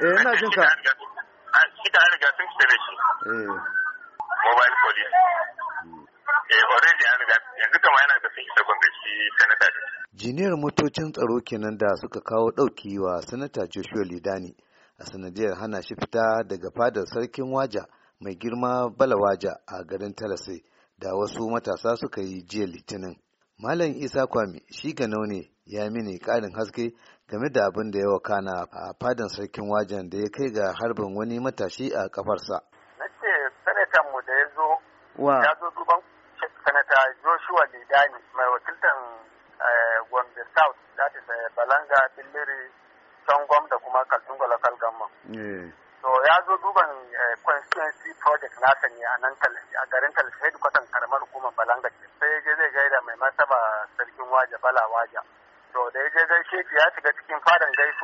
eh ina jin ka an riga sun shi eh. mobile police eh already an riga yanzu kama yana da sun isa gombe shi jiniyar motocin tsaro kenan da suka kawo ɗauki wa sanata Joshua Lidani a sanadiyar hana shi fita daga fadar sarkin waja mai girma bala waja a garin talasai da wasu matasa suka yi jiya litinin malam isa kwami shi ga ne ya mini ƙarin haske game da abin da ya wakana a fadan sarkin wajen da ya kai ga harbin wani matashi a kafarsa. Nace sanatan mu da ya zo ya zo duban sanata Joshua Lidani mai wakiltan eh, Gombe South that ta eh, Balanga Biliri, Sangom da kuma Kaltungo Local Government. Eh. So ya zo duban constituency project nasa ne a nan a garin da kwatan karamar kuma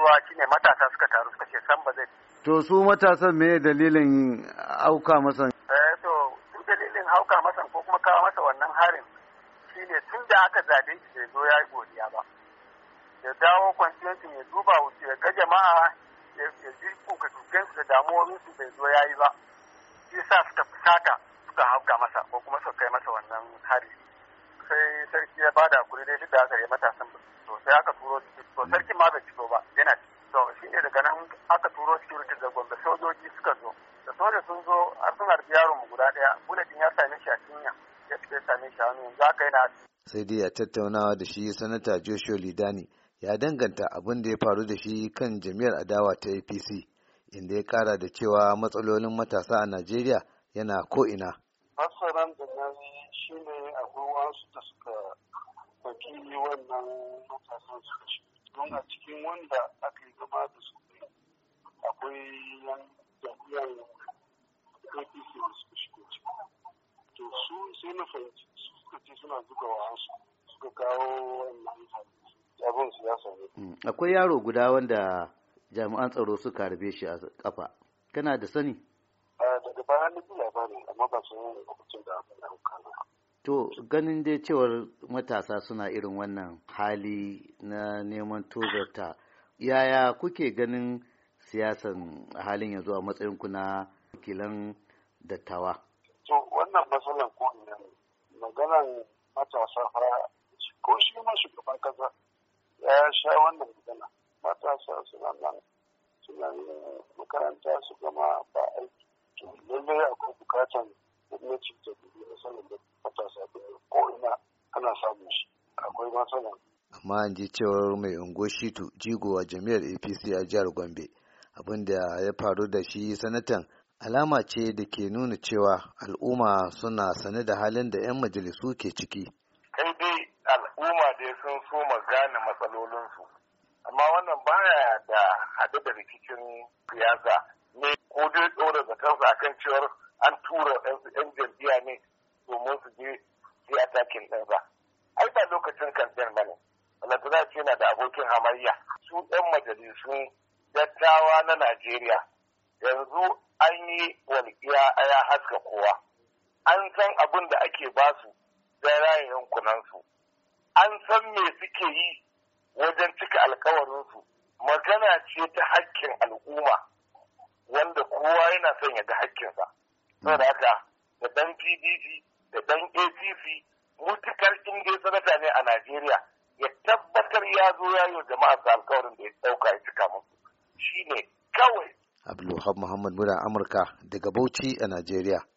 kasuwa shine matasa suka taru suka ce san ba zai to su matasan me dalilin auka masa eh to su dalilin hauka masa ko kuma kawo masa wannan harin shine tun da aka zabe shi bai zo ya yi godiya ba ya dawo kwanciyarsu ya duba wuce ya ga jama'a ya ji kuka su da damuwar su bai zo ya yi ba shi sa suka fusata suka hauka masa ko kuma suka kai masa wannan sai sarki ya bada kuri dai duk da aka yi matasan to sai aka turo to sarki ma bai fito ba yana to shi ne daga nan aka turo wurin da gombe sojoji suka zo da sojoji sun zo har sun harbi yaron mu guda daya bulletin ya same shi a cinya ya fita same shi hannu yanzu haka yana sai dai ya tattaunawa da shi sanata Joshua Lidani ya danganta abin da ya faru da shi kan jami'ar adawa ta APC inda ya kara da cewa matsalolin matasa a Najeriya yana ko'ina. Masaran da nan shi ne abu wasu da suka baki wannan matasan suka shi don a cikin wanda aka yi gaba da su akwai yan jam'iyyar apc da suka shigo ciki to su sai na fahimci suka ce suna zuga wasu suka kawo wannan abin siyasa ne mm, akwai yaro guda wanda jami'an tsaro suka harbe shi a kafa kana da sani ah, daga baya na ji labari amma ba su yi lokacin da abin ya hukana To ganin dai cewar matasa suna irin wannan hali na neman tozarta, yaya kuke ganin siyasan halin yanzu a matsayin ku na wakilan dattawa? To wannan matsalar ko maganar matasa fara ko shi ma shugaban kasa ya sha wannan magana matasa suna nan suna makaranta su gama ba aiki. To lallai akwai bukatan ta'addanci da dubi na sanin da matasa da ko ina ana samun shi akwai matsala. amma an ji cewar mai ungoshitu jigo a jami'ar apc a jihar gombe abin da ya faru da shi sanatan alama ce da ke nuna cewa al'umma suna sane da halin da 'yan majalisu ke ciki. kai dai al'umma ya sun so gane matsalolinsu amma wannan baya da haɗu da rikicin siyasa ne ko dai tsoro da kansa akan cewar an tura waɗansu 'yan jam'iyya ne domin su je su yi atakin ɗin ba. Ai ba lokacin kamfen ba ne. ce na da abokin hamayya. Su 'yan majalisun dattawa na Najeriya yanzu an yi walƙiya a ya haska kowa. An san abin da ake su da rayin yankunansu. An san me suke yi wajen cika alkawarinsu. Magana ce ta haƙƙin al'umma wanda kowa yana son ya ga haƙƙinsa. saboda haka da ɗan pdp da dan acc mutukar in sanata ne a najeriya ya tabbatar ya zo ya yi jama'a su alkawarin da ya dauka ya cika musu shine kawai abdulwahab muhammad muna amurka daga bauchi a najeriya